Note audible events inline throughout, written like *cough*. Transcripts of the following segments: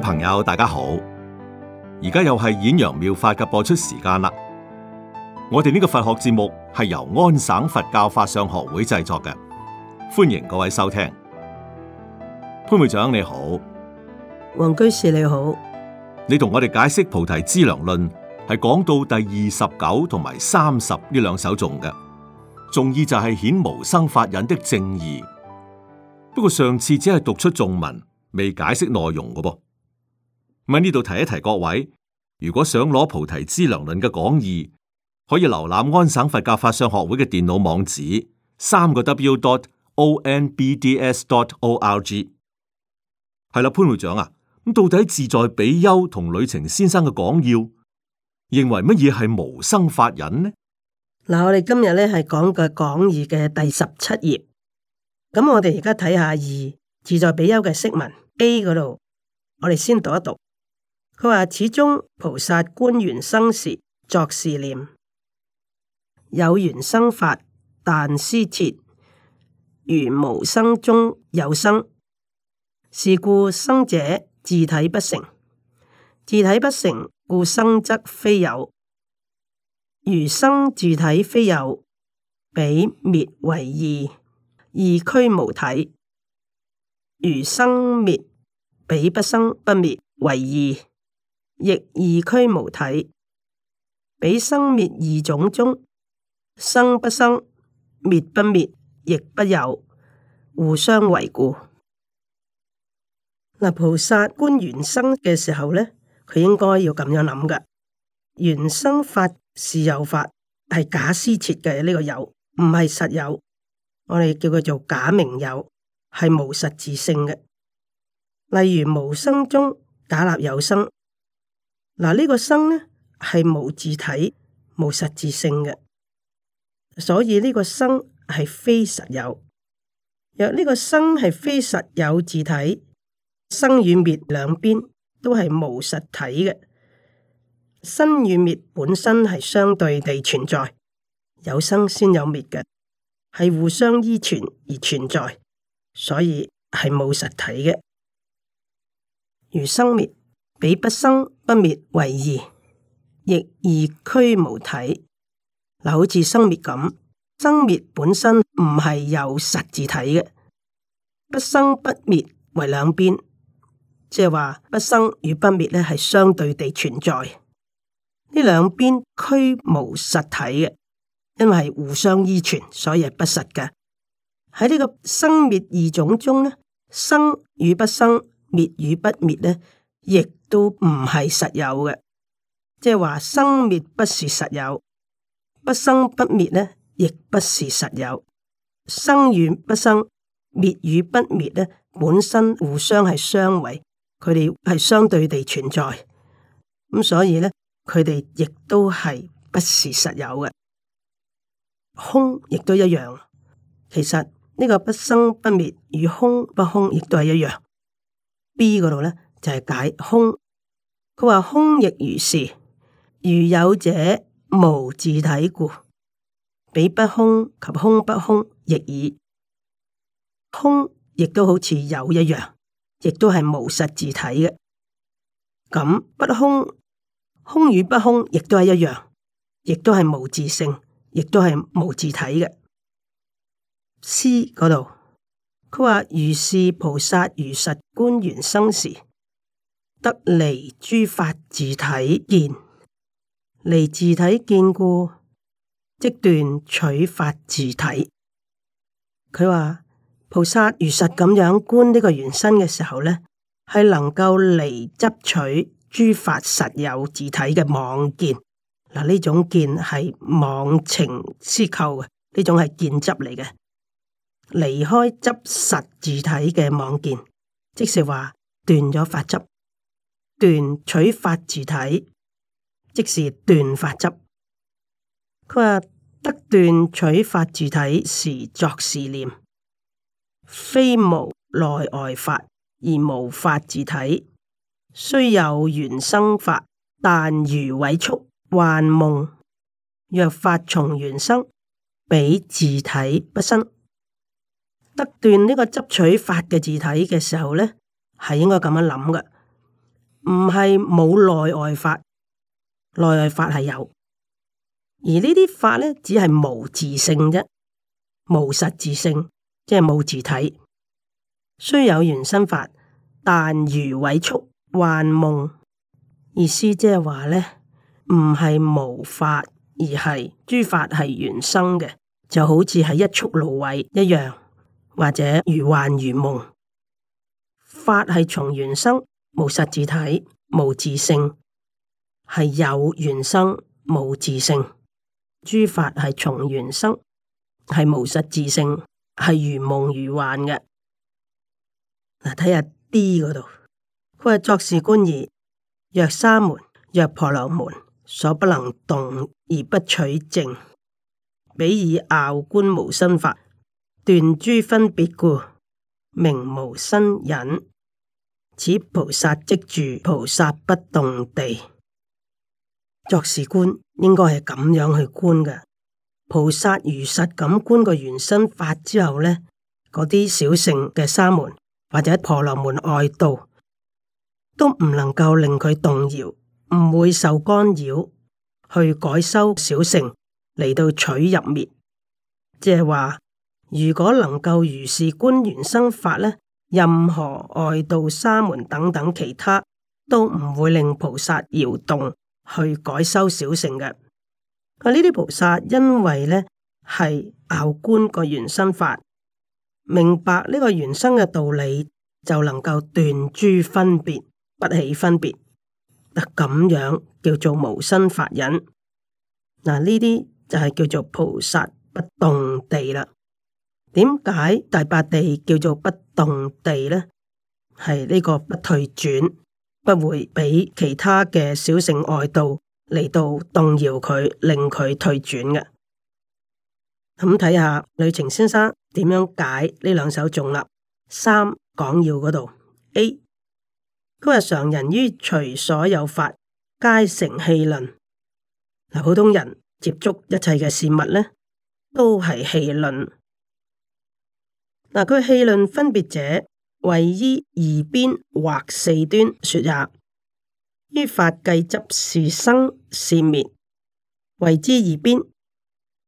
朋友，大家好！而家又係顯揚妙法嘅播出時間啦。我哋呢個佛學節目係由安省佛教法相學會製作嘅，歡迎各位收聽。潘會長你好，黃居士你好，你同我哋解釋《菩提資糧論》係講到第二十九同埋三十呢兩首頌嘅，重點就係顯無生法忍的正義。不過上次只係讀出頌文，未解釋內容嘅噃。喺呢度提一提各位，如果想攞《菩提資糧論》嘅講義，可以瀏覽安省佛教法相學會嘅電腦網址，三個 W 點 O N B D S 點 O R G。係啦，潘會長啊，咁到底自在比丘同呂澂先生嘅講要認為乜嘢係無生法忍呢？嗱，我哋今日咧係講嘅講義嘅第十七頁，咁我哋而家睇下二自在比丘嘅釋文 A 嗰度，我哋先讀一讀。佢話：始終菩薩觀緣生時作是念，有緣生法但思切，如無生中有生，是故生者自體不成，自體不成，故生則非有。如生自體非有，彼滅為異，異虛無體。如生滅，彼不生不滅為異。亦異區無體，比生滅二種中，生不生，滅不滅，亦不有，互相為故。嗱，菩薩觀緣生嘅時候咧，佢應該要咁樣諗㗎。緣生法是有法，係假施設嘅。呢個有，唔係實有，我哋叫佢做假名有，係無實自性嘅。例如無生中假立有生。嗱，呢個生呢係無自體、無實質性嘅，所以呢個生係非實有。若呢個生係非實有自體，生與滅兩邊都係無實體嘅。生與滅本身係相對地存在，有生先有滅嘅，係互相依存而存在，所以係冇實體嘅。如生滅。比不生不滅為二，亦而俱無體。嗱，好似生滅咁，生滅本身唔係由實自體嘅。不生不滅為兩邊，即係話不生與不滅咧係相對地存在。呢兩邊俱無實體嘅，因為互相依存，所以係不實嘅。喺呢個生滅二種中咧，生與不生，滅與不滅咧。亦都唔係實有嘅，即係話生滅不是實有，不生不滅呢亦不是實有。生與不生，滅與不滅呢本身互相係相違，佢哋係相對地存在，咁所以呢，佢哋亦都係不是實有嘅。空亦都一樣，其實呢個不生不滅與空不空亦都係一樣。B 嗰度呢。就係解空，佢話空亦如是，如有者無自體故，彼不空及空不空亦爾。空亦都好似有一樣，亦都係無實自體嘅。咁不空，空與不空亦都係一樣，亦都係無自性，亦都係無自體嘅。詩嗰度，佢話如是菩薩如實觀緣生時。得離諸法自體見，離自體見故，即斷取法自體。佢話菩薩如實咁樣觀呢個原身嘅時候呢，係能夠離執取諸法實有自體嘅妄見。嗱，呢種見係妄情思構嘅，呢種係見執嚟嘅，離開執實自體嘅妄見，即是話斷咗法執。斷取法自體，即是斷法執。佢話得斷取法自體時作是念，非無內外法而無法自體。雖有緣生法，但如委觸幻夢。若法從緣生，比自體不生。得斷呢個執取法嘅自體嘅時候咧，係應該咁樣諗嘅。唔係冇內外法，內外法係有，而呢啲法呢，只係無自性啫，無實自性，即係冇自體。雖有緣生法，但如葦束幻夢。意思即係話呢，唔係無法而，而係諸法係緣生嘅，就好似係一束蘆葦一樣，或者如幻如夢。法係從緣生。無實字體，無自性，係有緣生，無自性。諸法係從緣生，係無實自性，係如夢如幻嘅。嗱，睇下 D 嗰度，佢話作是觀，如若沙門，若婆羅門，所不能動而不取正，彼以拗觀無生法，斷諸分別故，名無生忍。此菩薩即住菩薩不動地作是觀，應該係咁樣去觀嘅。菩薩如實咁觀個無生法之後呢，嗰啲小乘嘅沙門或者婆羅門外道，都唔能夠令佢動搖，唔會受干擾去改修小乘嚟到取入滅。即係話，如果能夠如是觀無生法呢。任何外道、沙門等等其他，都唔會令菩薩搖動去改修小乘嘅。啊，呢啲菩薩因為呢係拗觀個無生法，明白呢個無生嘅道理，就能夠斷諸分別，不起分別。嗱、啊，咁樣叫做無生法忍。嗱、啊，呢啲就係叫做菩薩不動地啦。點解第八地叫做不動？動地呢係呢個不退轉，不會畀其他嘅小乘外道嚟到動搖佢，令佢退轉嘅。咁睇下呂澄先生點樣解呢兩首頌啦。三講要嗰度，A，佢話常人於隨所有法皆成戲論。嗱，普通人接觸一切嘅事物呢，都係戲論。嗱，佢氣論分別者為依二邊或四端說也。於法計執是生是滅，為之二邊；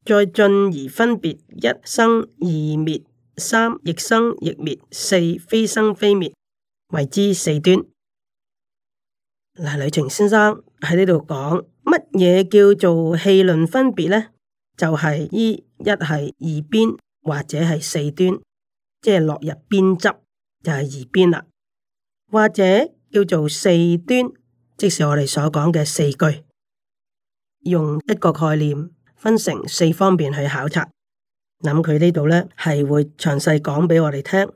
再進而分別一生二滅，三亦生亦滅，四非生非滅，為之四端。嗱，呂澂先生喺呢度講乜嘢叫做氣論分別咧？就係、是、依一係二邊或者係四端。即係落入邊執，就係二邊啦，或者叫做四端，即是我哋所講嘅四句，用一個概念分成四方面去考察。咁佢呢度咧係會詳細講俾我哋聽。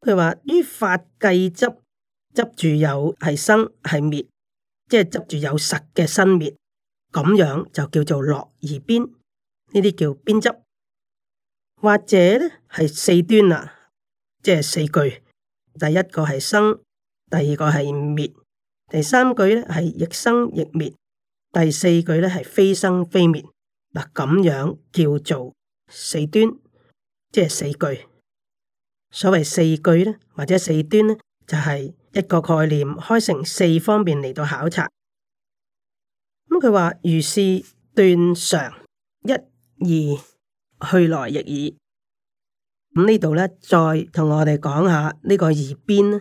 佢話於法計執，執住有係生係滅，即係執住有實嘅生滅，咁樣就叫做落二邊，呢啲叫邊執。或者咧係四端啦，即係四句。第一個係生，第二個係滅，第三句咧係亦生亦滅，第四句咧係非生非滅。嗱，咁樣叫做四端，即係四句。所謂四句咧，或者四端咧，就係一個概念，開成四方面嚟到考察。咁佢話如是斷常一二，去來亦已，咁呢度咧，再同我哋講下呢個二邊咧，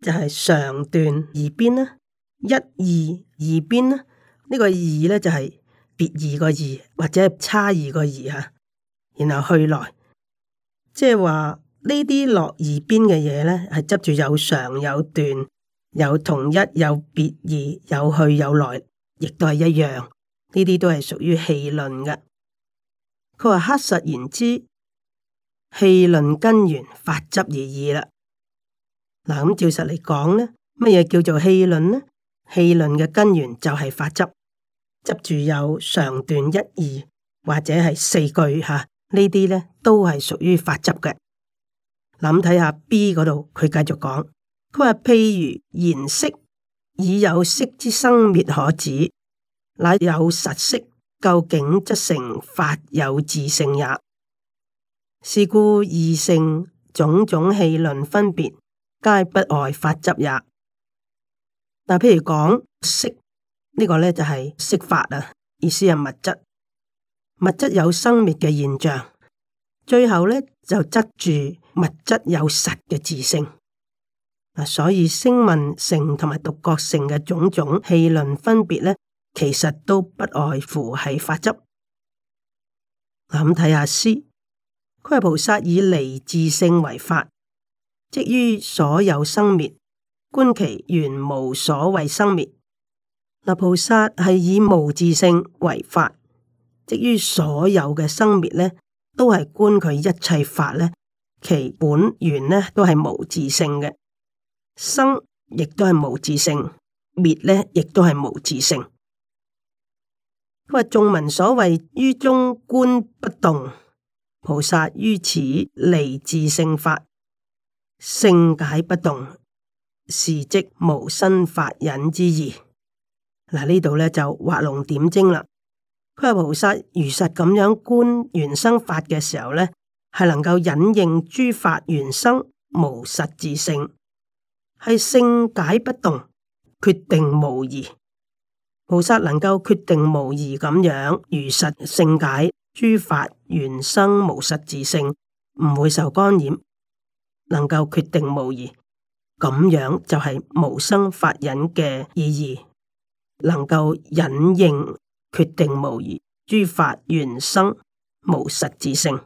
就係、是、常斷二邊咧，一異二邊咧，呢、這個異咧就係別異個異或者係差異個異吓，然後去來，即係話呢啲落二邊嘅嘢咧，係執住有常有斷，有同一有別異，有去有來，亦都係一樣，呢啲都係屬於戲論嘅。佢話黑實言之，氣論根源法執而已」啦、嗯。嗱，咁照實嚟講呢，乜嘢叫做氣論呢？氣論嘅根源就係法執，執住有上段一二或者係四句吓，呢啲咧都係屬於法執嘅。諗睇下 B 嗰度，佢繼續講，佢話譬如顏色，以有色之生滅可止，乃有實色。究竟則成法有自性也，是故二乘種種戲論分別，皆不外法執也。嗱，譬如講色呢個呢，就係、是、色法啊，意思係物質，物質有生滅嘅現象，最後呢就執住物質有實嘅自性。嗱，所以聲聞乘同埋獨覺乘嘅種種戲論分別呢。其實都不外乎係法則。諗睇下詩，佢話菩薩以離自性為法，即於所有生滅觀其原無所謂生滅。那菩薩係以無自性為法，即於所有嘅生滅呢都係觀佢一切法呢，其本源呢都係無自性嘅。生亦都係無自性；滅呢亦都係無自性。話眾文所謂於中觀不動，菩薩於此離自性法，性解不動，是即無生法忍之意」。嗱，呢度咧就畫龍點睛啦。佢話菩薩如實咁樣觀緣生法嘅時候咧，係能夠引認諸法緣生無實自性，係性解不動，決定無疑。菩薩能夠決定無疑咁樣如實性解，諸法原生無實自性，唔會受干擾，能夠決定無疑，咁樣就係無生法忍嘅意義，能夠忍認決定無疑，諸法原生無實自性，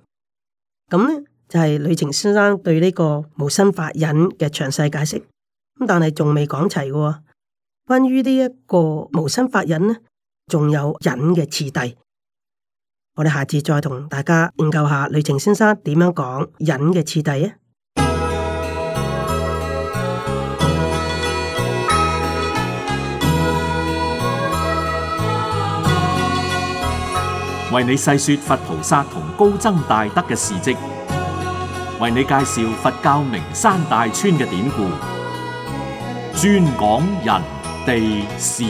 咁呢就係、是、呂程先生對呢個無生法忍」嘅詳細解釋，咁但係仲未講齊嘅。關於呢一個無生法忍呢，仲有忍嘅次第，我哋下次再同大家研究下呂澄先生點樣講忍嘅次第啊！為你細說佛菩薩同高僧大德嘅事跡，為你介紹佛教名山大川嘅典故，專講人。地市，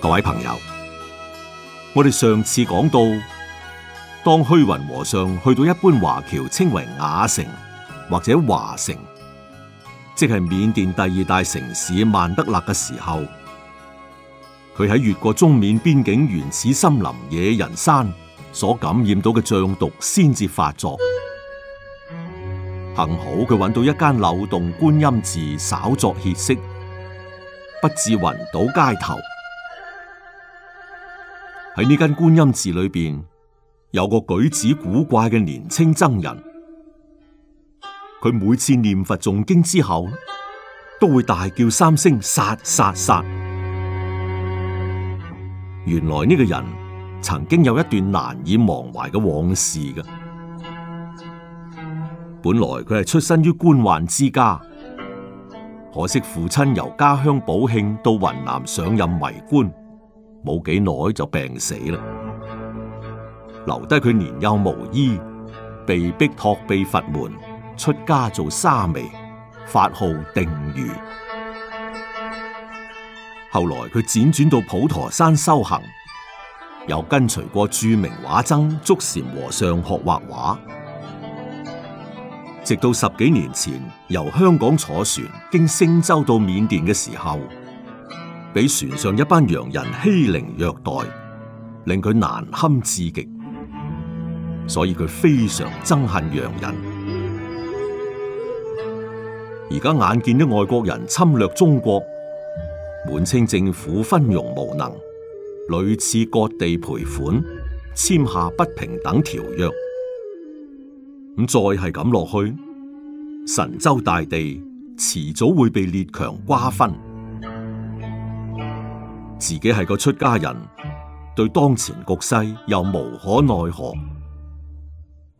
各位朋友，我哋上次講到，當虛雲和尚去到一般華僑稱為瓦城或者華城，即係緬甸第二大城市曼德勒嘅時候，佢喺越過中緬邊境原始森林野人山，所感染到嘅瘴毒先至發作，幸好佢揾到一間漏洞觀音寺，稍作歇息，不至暈倒街頭。喺呢間觀音寺裏邊，有個舉止古怪嘅年青僧人，佢每次念佛誦經之後，都會大叫三聲殺殺殺。原來呢個人。曾經有一段難以忘懷嘅往事嘅。本來佢係出身於官宦之家，可惜父親由家鄉寶慶到雲南上任為官，冇幾耐就病死啦，留低佢年幼無依，被迫託庇佛門，出家做沙彌，法號定如。後來佢輾轉到普陀山修行。又跟隨過著名畫僧竹禪和尚學畫畫，直到十幾年前由香港坐船經星洲到緬甸嘅時候，俾船上一班洋人欺凌虐待，令佢難堪至極，所以佢非常憎恨洋人。而家眼見啲外國人侵略中國，滿清政府昏庸無能，屢次割地賠款，簽下不平等條約，咁再係咁落去，神州大地遲早會被列強瓜分。自己係個出家人，對當前局勢又無可奈何，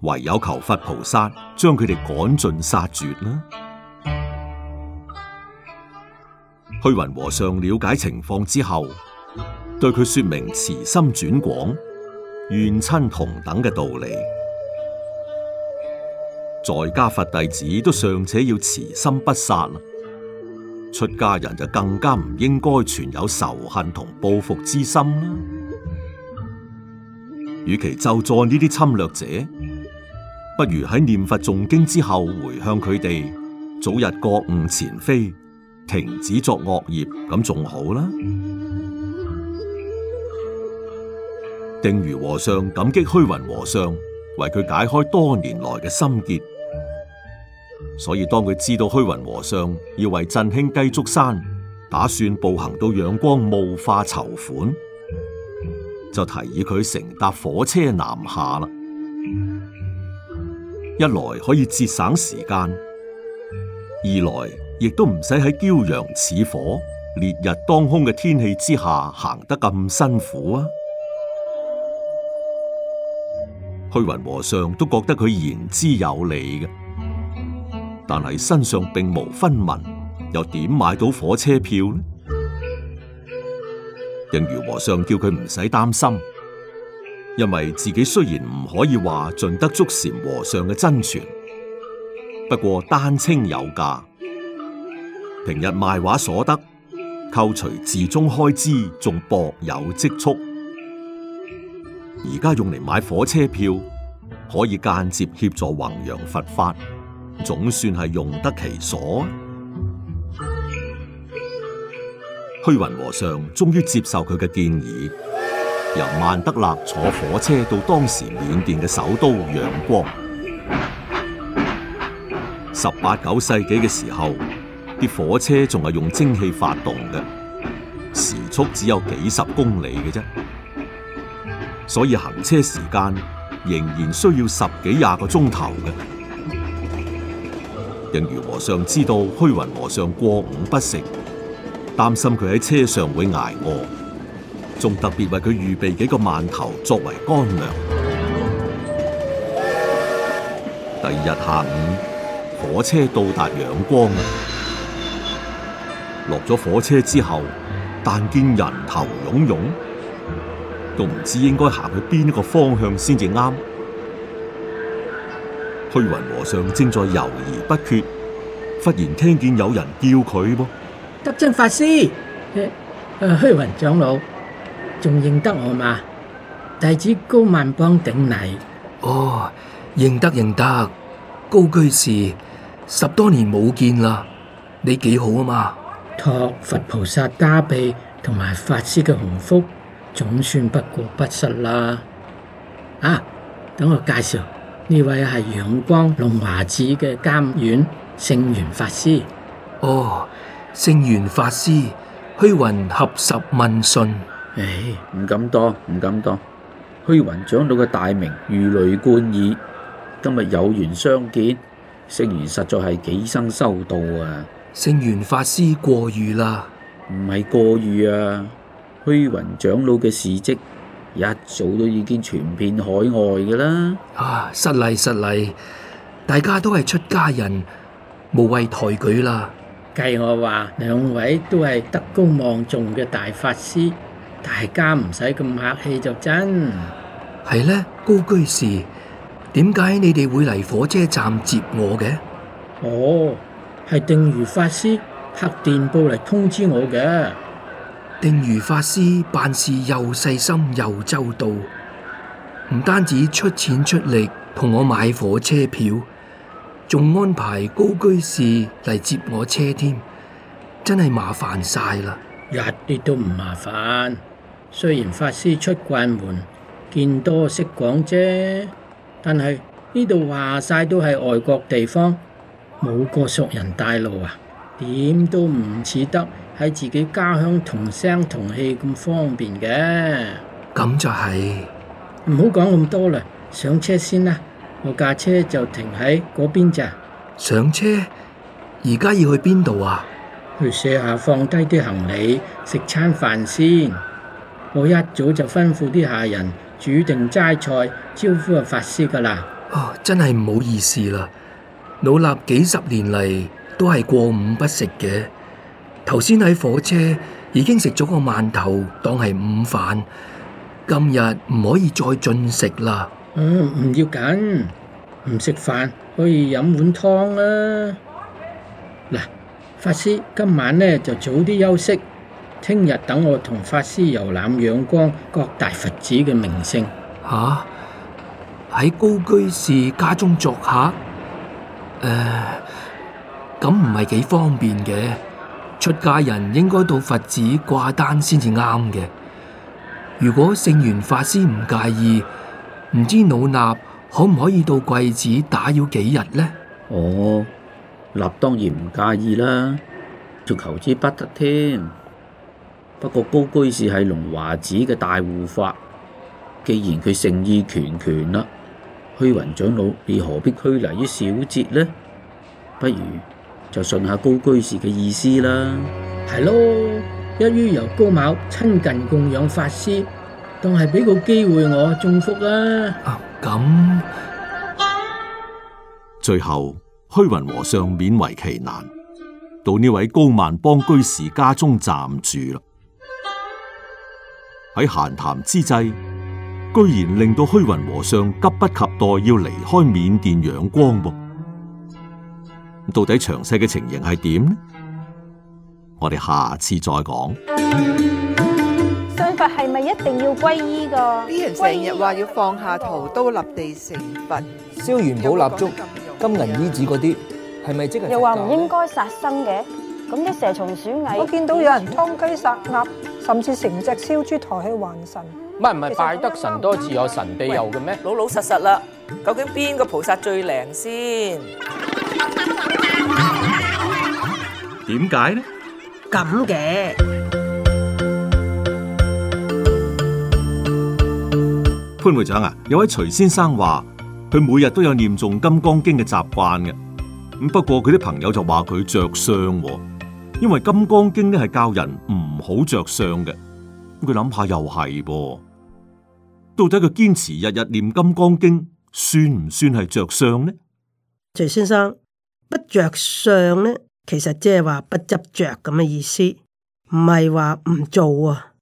唯有求佛菩薩將佢哋趕盡殺絕呢。虛雲和尚了解情況之後，對佢說明慈心轉廣、怨親同等嘅道理，在家佛弟子都尚且要慈心不殺，出家人就更加唔應該存有仇恨同報復之心啦。與其咒詛呢啲侵略者，不如喺念佛誦經之後回向佢哋，早日覺悟前非，停止作惡業，咁仲好啦。定如和尚感激虛雲和尚為佢解開多年來嘅心結，所以當佢知道虛雲和尚要為振興雞足山打算步行到仰光募化籌款，就提議佢乘搭火車南下啦。一來可以節省時間，二來亦都唔使喺驕陽似火、烈日當空嘅天氣之下行得咁辛苦啊！虛雲和尚都覺得佢言之有理嘅，但係身上並無分文，又點買到火車票呢？應如和尚叫佢唔使擔心，因為自己雖然唔可以話盡得足禪和尚嘅真傳，不過丹青有價，平日賣畫所得，扣除寺中開支，仲薄有積蓄。而家用嚟買火車票，可以間接協助弘揚佛法，總算係用得其所。 *noise* 虛雲和尚終於接受佢嘅建議，由曼德勒坐火車到當時緬甸嘅首都仰光。十八九世紀嘅時候，啲火車仲係用蒸汽發動嘅，時速只有幾十公里嘅啫。所以行車時間仍然需要十幾廿個鐘頭嘅。人如和尚知道虛雲和尚過午不食，擔心佢喺車上會挨餓，仲特別為佢預備幾個饅頭作為乾糧。第二日下午，火車到達仰光。落咗火車之後，但見人頭湧湧。我唔知應該行去邊一個方向先至啱。虛雲和尚正在猶豫不決，忽然聽見有人叫佢噃。德尊法師，呃、虛雲長老，仲認得我嘛？弟子高萬邦頂禮。哦，認得認得，高居士，十多年冇見啦，你幾好啊嘛？託佛菩薩加庇同埋法師嘅鴻福。總算不過不失啦！啊，等我介紹呢位係陽光龍華寺嘅監院聖元法師。哦，聖元法師，虛雲合十問訊。唉、哎，唔敢當，唔敢當。虛雲長老嘅大名如雷貫耳，今日有緣相見，聖元實在係幾生修道啊！聖元法師過譽啦，唔係過譽啊！虛雲長老嘅事蹟一早都已經傳遍海外㗎啦。啊，失禮失禮，大家都係出家人，無謂抬舉啦。計我話，兩位都係德高望重嘅大法師，大家唔使咁客氣就真。係、嗯、呢，高居士，點解你哋會嚟火車站接我嘅？哦，係定如法師拍電報嚟通知我嘅。定如法師辦事又細心又周到，唔單止出錢出力同我買火車票，仲安排高居士嚟接我車添，真係麻煩晒啦！一啲都唔麻煩，雖然法師出慣門，見多識廣啫，但係呢度話晒都係外國地方，冇個熟人帶路啊，點都唔似得喺自己家鄉同聲同氣咁方便嘅。就是，咁就係唔好講咁多啦，上車先啦，我架車就停喺嗰邊咋。上車，而家要去邊度啊？去卸下放低啲行李，食餐飯先。我一早就吩咐啲下人煮定齋菜，招呼阿法師噶啦。哦，真係唔好意思啦，老衲幾十年嚟都係過午不食嘅。頭先喺火車已經食咗個饅頭當係午飯，今日唔可以再進食啦。嗯，唔要緊，唔食飯可以飲碗湯啊。嗱，法師今晚咧就早啲休息，聽日等我同法師遊覽仰光各大佛寺嘅名勝。吓、啊，喺高居士家中作客，誒、呃，咁唔係幾方便嘅。出家人應該到佛寺掛單先至啱嘅。如果聖元法師唔介意，唔知老衲可唔可以到貴寺打擾幾日呢？哦，衲當然唔介意啦，仲求之不得添。不過高居士係龍華寺嘅大護法，既然佢誠意拳拳啦，虛雲長老，你何必拘泥於小節呢？不如。就順下高居士嘅意思啦，係咯，一於由高某親近供養法師，當係俾個機會我中福啦。咁、啊，最後虛雲和尚勉為其難到呢位高萬邦幫居士家中暫住啦。喺閒談之際，居然令到虛雲和尚急不及待要離開緬甸仰光噃。到底詳細嘅情形係點呢？我哋下次再講。信佛係咪一定要皈依噶？啲人成日話要放下屠刀，立地成佛，燒元寶蠟燭、有有金銀衣紙嗰啲，係咪即係又話唔應該殺生嘅？咁啲蛇蟲鼠蟻，我見到有人劏雞殺鴨，甚至成隻燒豬抬去還神。唔係唔係拜得神多自有神庇佑嘅咩？老老實實啦，究竟邊個菩薩最靈先？點解呢？咁嘅潘會長啊，有位徐先生話佢每日都有念誦金剛經嘅習慣嘅。咁不過佢啲朋友就話佢着相，因為金剛經咧係教人唔好着相嘅。咁佢諗下又係噃，到底佢堅持日日念金剛經，算唔算係着相呢？徐先生，不着相呢？其實即係話不執着咁嘅意思，唔係話唔做啊，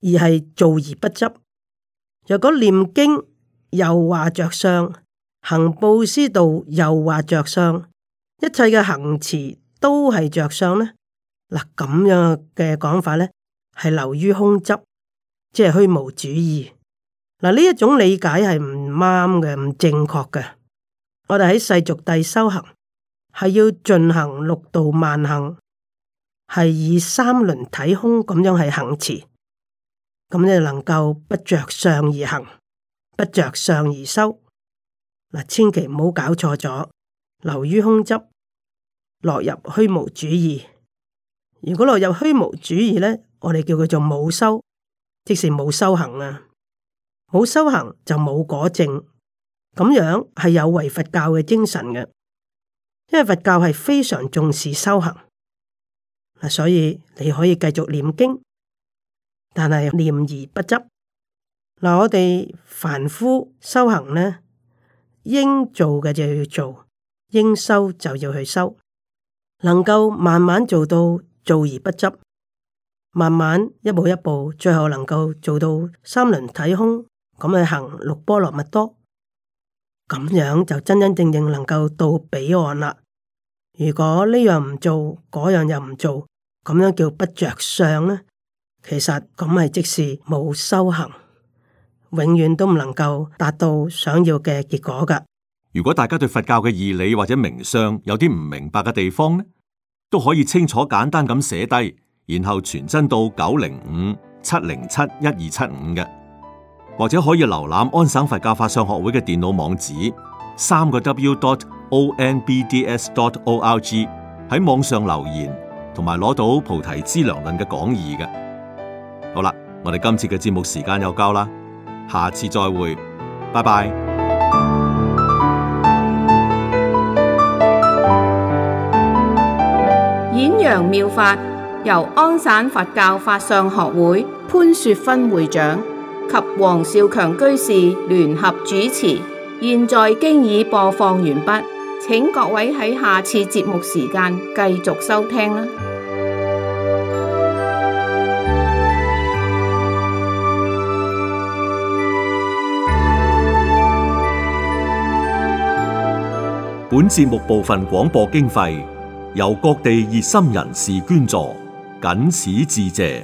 而係做而不執。若果念經又話着相，行布施道又話着相，一切嘅行持都係着相呢。嗱，咁樣嘅講法咧，係流於空執，即係虛無主義。嗱，呢一種理解係唔啱嘅，唔正確嘅。我哋喺世俗地修行。係要進行六度萬行，係以三輪體空咁樣去行持，咁咧能夠不着相而行，不着相而修。千祈唔好搞錯咗，流於空執，落入虛無主義。如果落入虛無主義呢，我哋叫佢做冇修，即是冇修行啦、啊。冇修行就冇果證，咁樣係有違佛教嘅精神嘅。因為佛教係非常重視修行，嗱，所以你可以繼續念經，但係念而不執。嗱，我哋凡夫修行呢，應做嘅就要做，應修就要去修，能夠慢慢做到做而不執，慢慢一步一步，最後能夠做到三輪體空，咁去行六波羅蜜多。咁樣就真真正正能夠到彼岸啦。如果呢樣唔做，嗰樣又唔做，咁樣叫不着相呢？其實咁咪即是冇修行，永遠都唔能夠達到想要嘅結果噶。如果大家對佛教嘅義理或者名相有啲唔明白嘅地方呢，都可以清楚簡單咁寫低，然後傳真到九零五七零七一二七五嘅。或者可以瀏覽安省佛教法相學會嘅電腦網址，三個 w.dot.o.n.b.d.s.dot.o.r.g 喺網上留言，同埋攞到《菩提資糧論》嘅講義嘅。好啦，我哋今次嘅節目時間又夠啦，下次再會，拜拜。演揚妙法由安省佛教法相學會潘雪芬會長及黃少強居士聯合主持，現在經已播放完畢，請各位喺下次節目時間繼續收聽啦。本節目部分廣播經費由各地熱心人士捐助，謹此致謝。